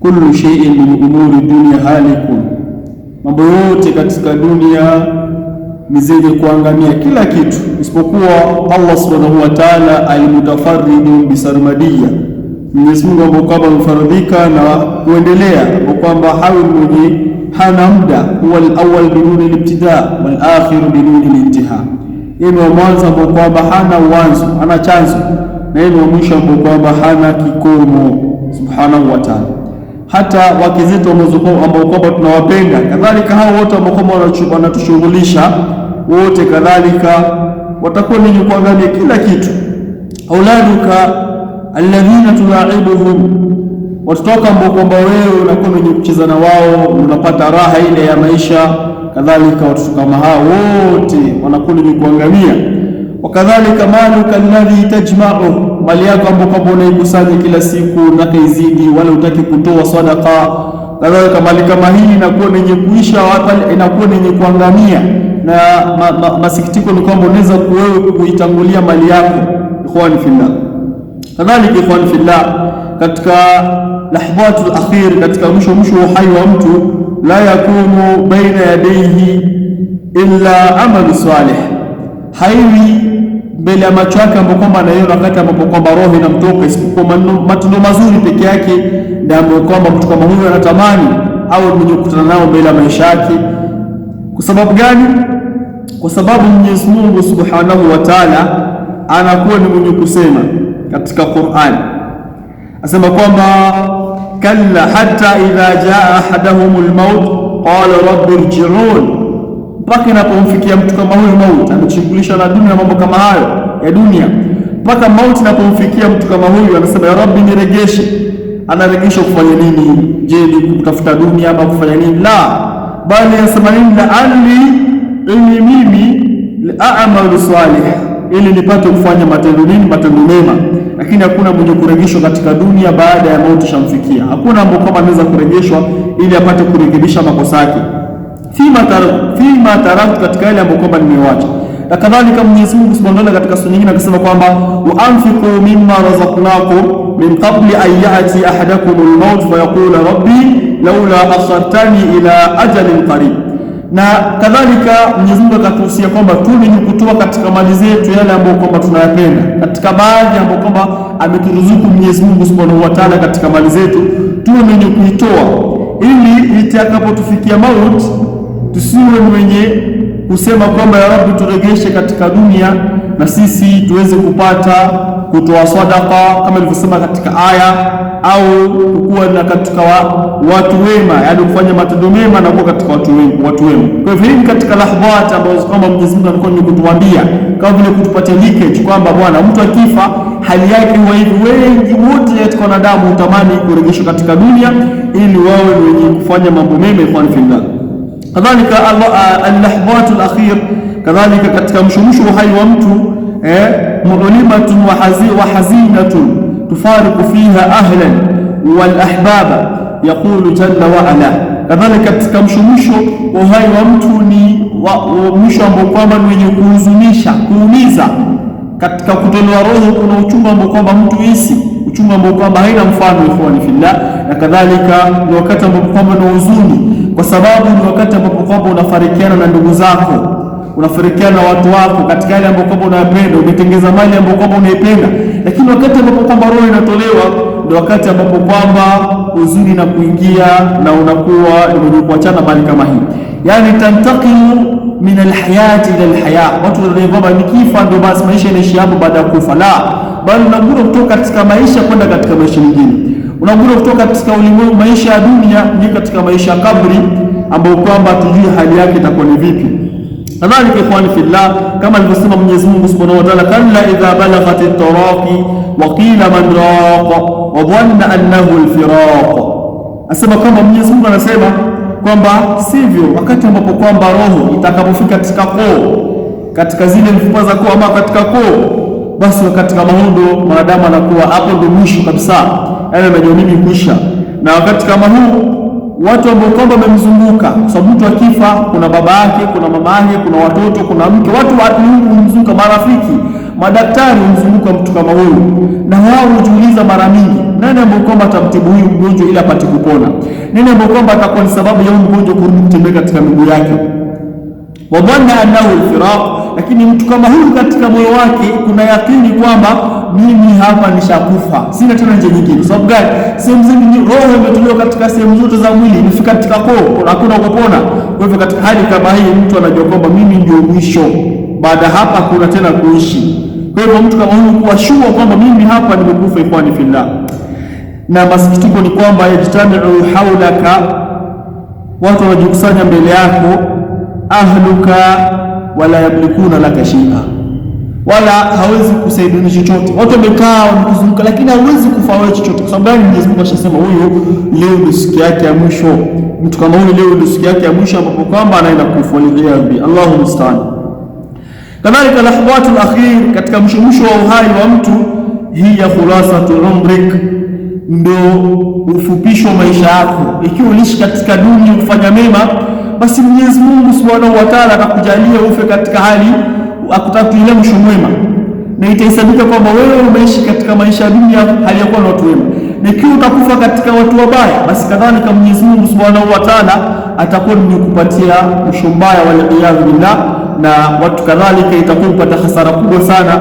kullu shay'in min umuri dunya halikun, mambo yote katika dunia ni zenye kuangamia, kila kitu isipokuwa Allah subhanahu wa ta'ala. Almutafarridun bisarmadia, Mwenyezi Mungu ambao kwamba amefaradhika na kuendelea, ambao kwamba hawi mwenye hana muda. Huwa alawwal biduni libtida wal akhir biduni lintiha, yeye ni wa mwanzo ambao kwamba hana uanzo, hana chanzo, na yeye ni wa mwisho ambao kwamba hana kikomo, subhanahu wa ta'ala hata wakizito ambao kwamba tunawapenda, kadhalika hao wote ambao kwamba wanatushughulisha wote, kadhalika watakuwa ni kuangalia kila kitu. Auladuka alladhina tulaibuhum, watoto wako ambao kwamba wewe unakuwa mwenye kucheza na wao, unapata raha ile ya maisha. Kadhalika watoto kama hao wote wanakuwa ni kuangalia. Wakadhalika maluka alladhi tajmau mali yako ambayo kwamba unaikusanya kila siku na kaizidi, wala utaki kutoa sadaka kadhalika. Mali kama hii inakuwa ni yenye kuisha, hata inakuwa ni yenye kuangamia, na ma, ma, masikitiko ni kwamba unaweza kuwewe kuitangulia mali yako. Ikhwan fillah, kadhalika ikhwan fillah, katika lahzatul akhir, katika mwisho mwisho uhai wa mtu, la yakunu baina yadayhi illa amalu salih haiwi mbele ya macho yake ambapo kwamba anaiona wakati ambapo kwamba roho inamtoka, isipokuwa matendo mazuri peke yake ndio ambayo kwamba mtu kama huyo anatamani au mwenye kukutana nao mbele ya maisha yake. Kwa sababu gani? Kwa sababu Mwenyezi Mungu Subhanahu wa Ta'ala anakuwa ni mwenye kusema katika Qur'ani, asema kwamba kalla hatta idha jaa ahadahumul maut qala rabbi irji'un mpaka inapomfikia mtu kama huyo mauti, amejishughulisha na dunia na mambo kama hayo ya dunia, mpaka mauti inapomfikia mtu kama huyu, anasema ya Rabbi, niregeshe. Anaregeshwa kufanya nini? Je, ni kutafuta dunia ama kufanya nini? La, bali anasema nini? Laalli, ili mimi laamalu salih, ili nipate kufanya matendo nini? Matendo mema. Lakini hakuna mwenye kurejeshwa katika dunia baada ya mauti shamfikia. Hakuna mtu kama anaweza kurejeshwa ili apate kurekebisha makosa yake fima taraktu, katika yale ambayo kwamba nimeiacha. Na kadhalika Mwenyezi Mungu Subhanahu wa Ta'ala katika sura nyingine akasema kwamba waanfiqu mimma razaqnakum min qabli an ya'ti ahadakum al-maut fayaqula rabbi laula akhartani ila ajalin qarib. Na kadhalika Mwenyezi Mungu akatuhusia kwamba tuli ni kutoa katika mali zetu yale ambayo kwamba tunayapenda, katika baadhi ambayo kwamba ameturuzuku Mwenyezi Mungu Subhanahu wa Ta'ala katika mali zetu tuwe mwenye kuitoa ili itakapotufikia mauti tusiwe ni wenye kusema kwamba ya Rabbi, turegeshe katika dunia na sisi tuweze kupata kutoa sadaka kama ilivyosema katika aya, au kuwa na katika wa, watu wema, yaani kufanya matendo mema na kuwa katika watu wema. Kwa hivyo hii katika lahdhati ambazo kwamba Mwenyezi Mungu alikuwa ni kutuambia kama vile kutupatia leakage kwamba bwana, mtu akifa hali yake huwa hivi. Wengi wote katika wanadamu utamani kuregeshwa katika dunia ili wawe wenye kufanya mambo mema. Kadhalika uh, allahdhatu alakhir, kadhalika katika mshurusho uhai wa mtu eh, mulimatun wa hazinatun tufariqu fiha ahlan wal ahbaba, yaqulu jalla wa ala. Kadhalika katika mshurusho uhai wa mtu ni mwisho ambao kwamba ni wenye kuhuzunisha, kuumiza. Katika kutolewa roho kuna uchungu ambao kwamba mtu hisi uchungu ambao kwamba haina mfano, ikhwani fillah, na kadhalika ni wakati ambao kwamba ni huzuni kwa sababu ni wakati ambapo kwamba unafarikiana na ndugu zako, unafarikiana na watu wako katika yale ambayo kwamba unayapenda, umetengeza mali ambayo kwamba unaipenda. Lakini wakati ambapo kwamba roho inatolewa ni wakati ambapo kwamba uzuri na kuingia na unakuwa ni mwenye kuachana mali kama hii, yani tantakimu min alhayati ila alhaya. Watu wanadai kwamba nikifa ndio basi maisha inaishia hapo baada ya kufa. La, bali unakuja kutoka katika maisha kwenda katika maisha mengine unakuja kutoka katika ulimwengu maisha ya dunia ni katika maisha ya kabri, ambayo kwamba tujui hali yake itakuwa ni vipi. Kadhalika ikhwani fillah, kama alivyosema Mwenyezi Mungu Subhanahu wa Ta'ala, kalla idha balaghat at-taraqi wa qila man raq wa dhanna annahu al-firaq. Asema kwamba Mwenyezi Mungu anasema kwamba sivyo, wakati ambapo kwamba roho itakapofika katika koo, katika zile mfupa za koo ama katika koo, basi katika maondo mwanadamu anakuwa hapo ndio mwisho kabisa yale yaani majamini kuisha. Na wakati kama huu watu ambao kwamba wamemzunguka, kwa sababu mtu akifa kuna baba yake, kuna mama yake, kuna watoto, kuna mke, watu watuungu humzunguka, marafiki, madaktari humzunguka mtu kama huyu, na wao hujiuliza mara mingi, nani ambao kwamba atamtibu huyu mgonjwa ili apate kupona? Nani ambao kwamba atakuwa ni sababu ya mgonjwa kurudi kutembea katika miguu yake? wadhanna annahu firaq, lakini mtu kama huyu katika moyo wake kuna yakini kwamba mimi hapa nishakufa, sina tena njia nyingine. Kwa sababu gani? Sehemu ni roho imetolewa katika sehemu zote za mwili, imefika katika koo, hakuna kupona. Kwa hivyo katika hali kama hii, mtu anajua kwamba mimi ndio mwisho, baada hapa hakuna tena kuishi. Kwa hivyo mtu kama huyu kuwa shua kwamba mimi hapa nimekufa, ikwani fillah. Na masikitiko ni kwamba yajtamiu haulaka, watu wanajikusanya mbele yako, ahluka wala yamlikuna laka shia wala hawezi kusaidia na chochote. Watu wamekaa wamekuzunguka, lakini hawezi kufanya chochote, kwa sababu Mwenyezi Mungu ashasema huyu leo ni siku yake ya mwisho. Mtu kama huyu leo ni siku yake ya mwisho ambapo kwamba anaenda bi Allahu musta'an. Kadhalika lahdhatu al-akhir, katika mwisho mwisho wa uhai wa mtu, hii ya khulasatu umrik, ndio ufupisho maisha yako. Ikiwa ulishi katika dunia kufanya mema, basi Mwenyezi Mungu Subhanahu wa Ta'ala atakujalia ufe katika hali akutakilia mwisho mwema, na itahesabika kwamba wewe umeishi katika maisha ya dunia haliyakuwa na watu wema, na ikiwa utakufa katika watu wabaya, basi kadhalika Mwenyezi Mungu Subhanahu wa Ta'ala atakuwa ni kupatia mwisho mbaya, waliyadhu billah, na watu kadhalika itakuwa upata hasara kubwa sana,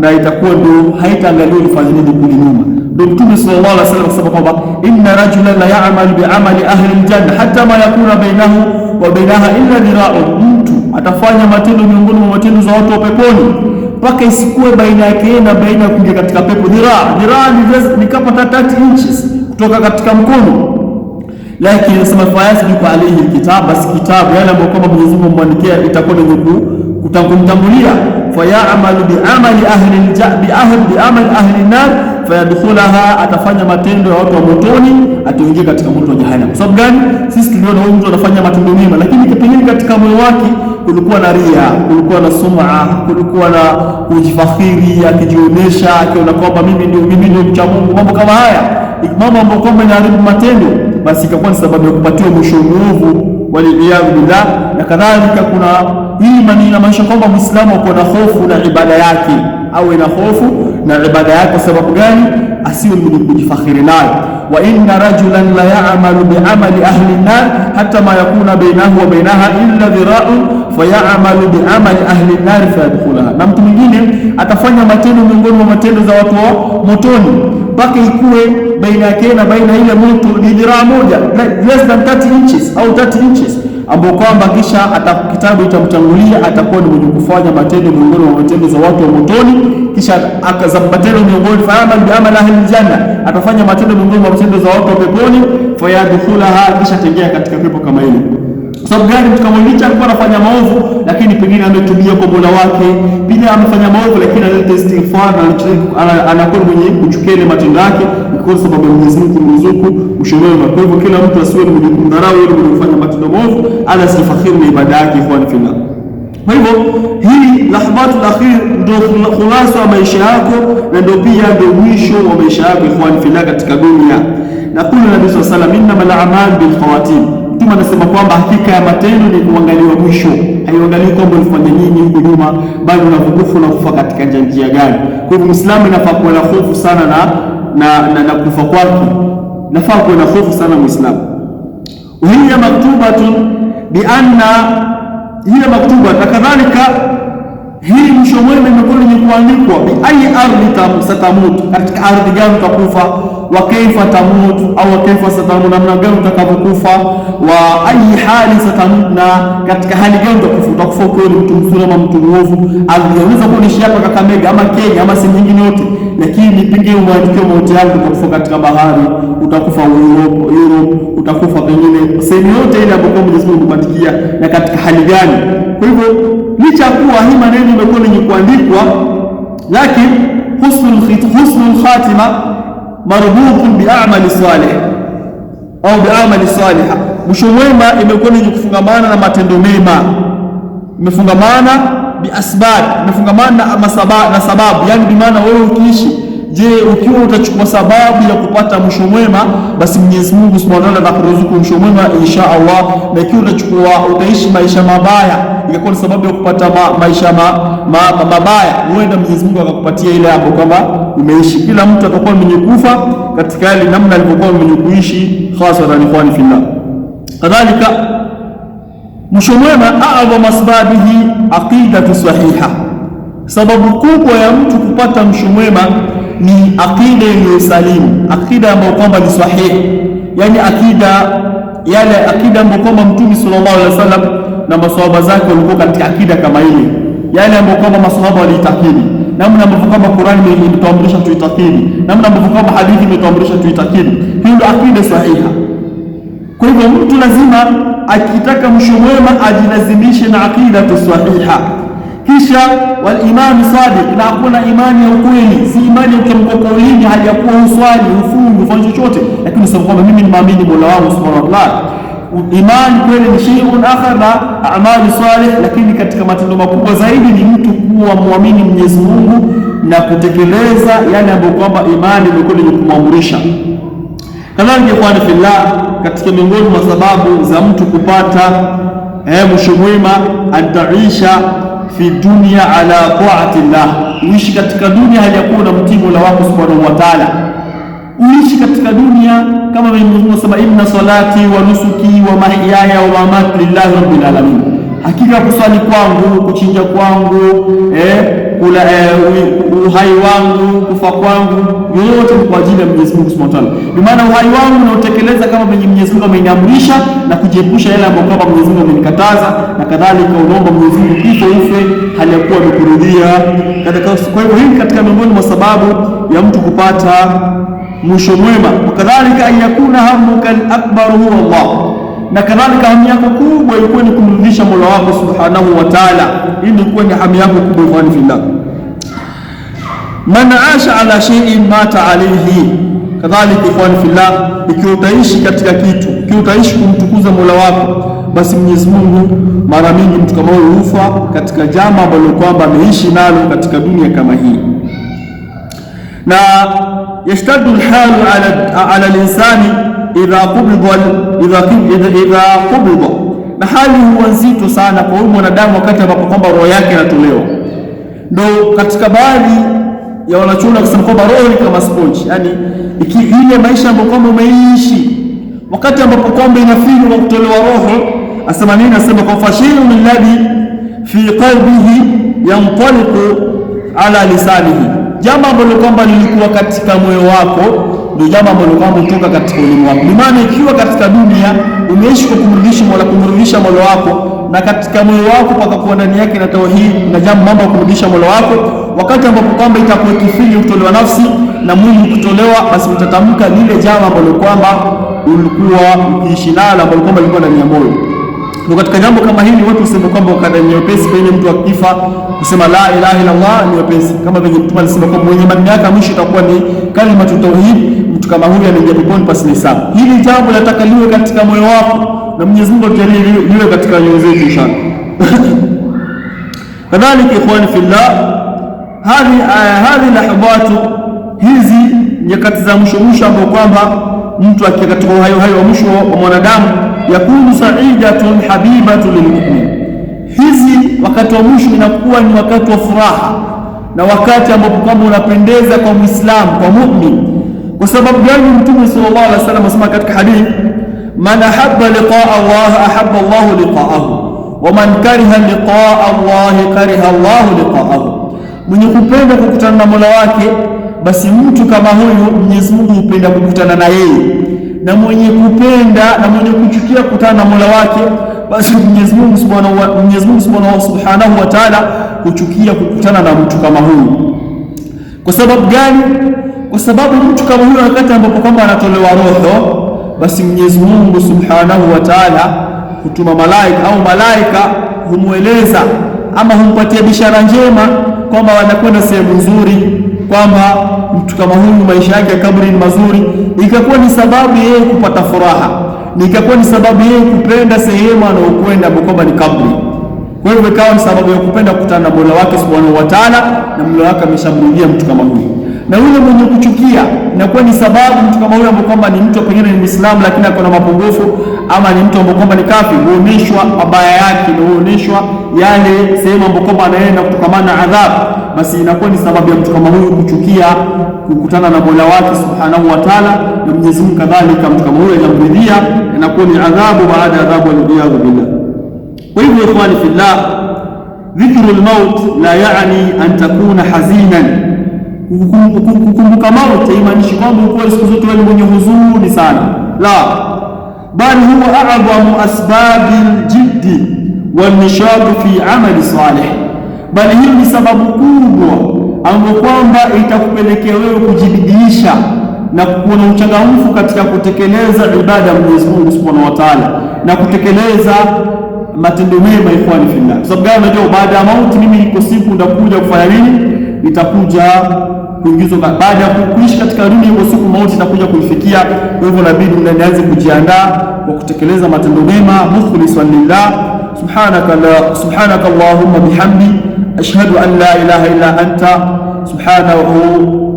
na itakuwa ndio haitaangalia ulifanya nini kuli nyuma. Ndio Mtume sallallahu alaihi wasallam akasema kwamba inna rajulan la ya'mal bi'amali ahli aljanna hatta ma yakuna bainahu wa bainaha illa dhira'un mtu atafanya matendo miongoni mwa matendo za watu wa peponi, mpaka isikuwe baina yake na baina ya kuingia katika pepo dhiraa. Dhiraa ni kama 30 inches kutoka katika mkono. Lakini nasema anasema fayasbiku alihi kitabu, basi kitabu yale ambayo kwamba Mwenyezi Mungu amwandikia itakuwa ni kutambulia. bi biamali ahli bi ahli bi ahli nar fayadkhulaha, atafanya matendo ya watu wa motoni, ataingia katika moto wa jahannam. Kwa sababu gani? Sisi tuliona huyu mtu anafanya matendo mema, lakini kipindi katika moyo wake kulikuwa na ria, kulikuwa na sum'a, kulikuwa na kujifakhiri, akijionyesha, akiona kwamba mimi ndio mimi ndio mcha Mungu, mambo kama haya, mambo ambayo kwamba inaharibu matendo, basi ikakuwa ni sababu ya kupatiwa mwisho mwovu waliyadhu billah. Na kadhalika, kuna imani inamaanisha kwamba Muislamu ako na hofu na ibada yake, awe na hofu na ibada yake. sababu gani? asiwe mwenye kujifakhiri nayo wa inna rajulan la ya'malu bi'amali ahli an-nar hatta ma yakuna bainahu wa bainaha illa dhira'un fayaamalu biamali ahli nnari fayadkhulaha, na mtu mwingine atafanya matendo miongoni mwa matendo za watu wa motoni, mpaka ikuwe baina yake na baina ile moto ni dhiraa moja, less than 30 inches au 30 inches, ambao kwamba kisha kitabu itamtangulia atakuwa ni mwenye kufanya matendo miongoni mwa matendo za watu wa motoni kisha akaza matendo miongoni fayamal biamali ahli aljanna, atafanya matendo miongoni mwa matendo za watu wa peponi, fayadkhulaha, kisha tengea katika pepo kama ile sababu gani? Mtu kama licha alikuwa anafanya maovu, lakini pengine ametubia kwa Mola wake, pia amefanya maovu, lakini anaistighfar na anakuwa mwenye kuchukia ile matendo yake, kwa sababu Mwenyezi Mungu kumruzuku ushema. Kwa hivyo kila mtu asiwe mwenye kumdharau yule mwenye kufanya matendo maovu, ala sifakhiri na ibada yake kwa nafsi. Kwa hivyo hii lahbatu akhir ndio khulasa ya maisha yako na ndio pia ndio mwisho wa maisha yako, ikhwan fillah, katika dunia. Na kuna Nabii sallallahu alaihi wasallam, innamal a'mal bil khawatim Mtume anasema kwamba hakika ya matendo ni kuangaliwa mwisho. Haiangalii kwamba ulifanya nini huko nyuma, bali unavugufu na kufa katika nja njia gani. Kwa hivyo Muislamu inafaa kuwa na hofu sana na, na, na, na kufa kwake, nafaa kuwa na hofu sana Muislamu. Hiya maktubatun bi anna hiya maktuba, na kadhalika hii mwisho mwema imekuwa yenye kuandikwa bi ayi ardhi satamutu, katika ardhi gani utakufa wa kaifa tamut au wa kaifa satamut, namna gani utakavyokufa, wa ayi hali satamut, na katika hali gani utakufa. Utakufa ukiwa ni mtu mzuri ama mtu mwovu. Aliweza kuishi hapa Kakamega ama Kenya ama sehemu nyingine yote, lakini nipige mwandikie mauti yangu, utakufa katika bahari, utakufa Europe, Europe utakufa pengine sehemu yote ile ambayo Mwenyezi Mungu amekupatia, na katika hali gani. Kwa hivyo licha kuwa hii maneno imekuwa ni kuandikwa, lakini husnul khatima marhubun biamali salih au biamali saliha, mwisho mwema imekuwa ni kufungamana na matendo mema, imefungamana biasbab, imefungamana na na sababu. Yani bimaana wewe ukiishi, je, ukiwa utachukua sababu ya kupata mwisho mwema, basi Mwenyezi Mungu Subhanahu wa Ta'ala atakuruzuku mwisho mwema insha Allah, na ikiwa utachukua utaishi maisha mabaya ingekuwa ni sababu ya kupata ma, maisha ma, ma, ma, mabaya, huenda Mwenyezi Mungu akakupatia ile hapo kwamba umeishi. Kila mtu atakuwa mwenye kufa katika hali namna alivyokuwa mwenye kuishi, hasa hasatan ikhwani fillah. Kadhalika, mwisho mwema, adhama asbabihi aqidatu sahiha. Sababu kubwa ya mtu kupata mwisho mwema ni aqida yenye salimu, aqida ambayo kwamba ni sahihi, yani akida yale akida ambayo kwamba Mtume sallallahu alaihi wasallam na maswahaba zake walikuwa katika akida kama ile, yale ambayo kwamba maswahaba waliitakidi namna ambavyo kama Qur'an imetuamrisha tuitakidi, namna ambavyo kama hadithi imetuamrisha tuitakidi. Hiyo ndio akida sahiha. Kwa hivyo mtu lazima akitaka mwisho mwema ajilazimishe na akida sahiha, kisha walimani sadiq, na hakuna imani ya ukweli, si imani ya ukiamka kaulini, hali ya kuwa uswali, ufungu, ufanye chochote, lakini sababu kwamba mimi maamini Mola wangu subhanahu wa ta'ala imani kweli ni shay'un akhar na amali salih, lakini katika matendo makubwa zaidi ni mtu kuwa muamini Mwenyezi Mungu na kutekeleza yale ambayo kwamba imani imekuwa ni kumwamurisha. Kadhalika ikhwani fillah, katika miongoni mwa sababu za mtu kupata eh, mwisho mwema, antaisha fi dunya ala taati llah, uishi katika dunia hajakuwa na mtii Mola wako subhanahu wa ta'ala uishi katika dunia kama Mwenyezi Mungu sema, inna salati wa nusuki wa mahyaya wa mamati lillahi rabbil alamin, hakika kuswali kwangu kuchinja kwangu eh, kula eh, uhai wangu kufa kwangu yote kwa ajili ya Mwenyezi Mungu Subhanahu wa Ta'ala. Ni maana uhai wangu nautekeleza kama venye Mwenyezi Mungu ameniamrisha na kujiepusha yale ambayo kwamba Mwenyezi Mungu amenikataza na kadhalika, unaomba Mwenyezi Mungu kifo ufe hali ya kuwa amekurudia. Kwa hivyo hii katika miongoni mwa sababu ya mtu kupata mwisho mwema. Wakadhalika anyakuna hammuka akbaru huwa Allah, na kadhalika hamu yako kubwa ilikuwa ni kumridhisha Mola wako subhanahu wa taala. Hii ilikuwa ni hamu yako kubwa. Ikhwani fillah, man asha ala shay'in mata alayhi. Kadhalika ikhwani fillah, ikiwa utaishi katika kitu, ikiwa utaishi kumtukuza Mola wako basi Mwenyezi Mungu mara mingi mtu kama huyo hufa katika jambo ambalo kwamba ameishi nalo katika dunia kama hii na yashtaddu alhalu ala ala linsani idha qubida, idha idha qubida na hali huwa nzito sana kwa huyu mwanadamu wakati ambapo kwamba roho yake inatolewa. Ndo katika baadhi ya wanachuoni kusema kwamba roho ni kama sponge, yani ile maisha ambayo kwamba umeishi wakati ambapo kwamba inafinywa na kutolewa roho. Asema nini? Asema kwa fashilu lilladhi fi qalbihi yantaliqu ala lisanihi jambo ambalo kwamba lilikuwa katika moyo wako, ndio jambo ambalo kwamba kutoka katika ulimi wako. Maana ikiwa katika dunia umeishi kwa kumrudisha Mola, kumrudisha Mola wako, na katika moyo wako pakakuwa ndani yake na tauhid na jambo mambo ya kumrudisha Mola wako, wakati ambapo kwamba itakuwa kifili kutolewa nafsi na mwili kutolewa, basi utatamka lile jambo ambalo kwamba ulikuwa ukiishi nalo, ambalo kwamba lilikuwa ndani ya moyo. Kwa katika jambo kama hili watu husema kwamba ukadhani nyepesi, pengine mtu akifa kusema la ilaha Allah ni wepesi, kama vile Mtume alisema kwa mwenye maneno yake mwisho itakuwa ni kalima tu tauhid. Mtu kama huyu ameingia peponi pasi ni sawa. Hili jambo nataka liwe katika moyo wako, na Mwenyezi Mungu atujalie liwe katika nyoyo zetu inshallah. Kadhalika ikhwani fillah, hadi eh, hadi lahadhatu hizi nyakati za mwisho mwisho, ambapo kwamba mtu akiwa katika uhai wa mwisho wa mwanadamu, yakunu sa'idatun habibatu lilmu'min hizi wakati wa mwisho inakuwa ni wakati wa furaha na wakati ambapo kama unapendeza kwa Muislamu, kwa mumin. Kwa sababu gani? Mtume sallallahu alaihi wasallam asema katika hadithi, man ahabba liqaa Allah ahabba Allah liqaahu wa man kariha liqaa Allah kariha Allah liqaahu, mwenye kupenda kukutana na mola wake basi mtu kama huyu Mwenyezi Mungu hupenda kukutana na yeye, na mwenye kupenda na mwenye kuchukia kukutana na mola wake basi Mwenyezi Mungu Subhanahu wa Mwenyezi Mungu Subhanahu wa Ta'ala huchukia kukutana na mtu kama huyu. Kwa sababu gani? Kwa sababu mtu kama huyu wakati ambapo kwamba anatolewa roho, basi Mwenyezi Mungu Subhanahu wa Ta'ala hutuma malaika au malaika humweleza ama humpatia bishara njema kwamba wanakwenda sehemu nzuri, kwamba mtu kama huyu maisha yake ya kaburi ni mazuri, ikakuwa ni sababu yeye kupata furaha nikakuwa ni sababu yeye kupenda sehemu anayokwenda Bukoba ni kabri. Kwa hivyo ikawa ni sababu ya kupenda kukutana na Mola wake Subhanahu wa Ta'ala, na Mola wake ameshamrudia mtu kama huyu na yule mwenye kuchukia inakuwa ni sababu mtu kama huyo ambaye kwamba ni mtu pengine ni Muislamu lakini ako na mapungufu, ama ni mtu ambaye kwamba ni kafi huoneshwa mabaya yake na huoneshwa yale sehemu ambayo kwamba anaenda kutokamana na adhabu basi inakuwa ni sababu ya mtu kama huyu kuchukia kukutana na Mola wake subhanahu wa taala na Mwenyezi Mungu kadhalika. Mtu kama huyu anamridhia, inakuwa ni adhabu baada ya adhabu, waliyadhu billah. Kwa hivyo, ikhwani fillah, dhikru lmaut la yaani an takuna hazinan Kukumbuka mauti haimaanishi kwamba ukuwa siku zote wewe mwenye huzuni sana, la bali huwa a'dhamu asbabi ljiddi wannishati fi amali salih bali hii ni sababu kubwa ambayo kwamba itakupelekea wewe kujibidiisha na kuona uchangamfu katika kutekeleza ibada ya Mwenyezi Mungu Subhanahu wa Ta'ala na kutekeleza matendo mema, ikhwani fillah. Kwa sababu gani? Unajua, baada ya mauti mimi niko siku ndakuja kufanya nini? Nitakuja kuingizwa baada ya kuishi katika dunia, iko siku mauti itakuja kuifikia. Kwa hivyo nabidi nianze kujiandaa kwa kutekeleza matendo mema, mukhlisan lillah. Subhanaka la subhanaka allahumma bihamdi أشهد أن لا إله إلا أنت سبحانه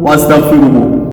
وأستغفره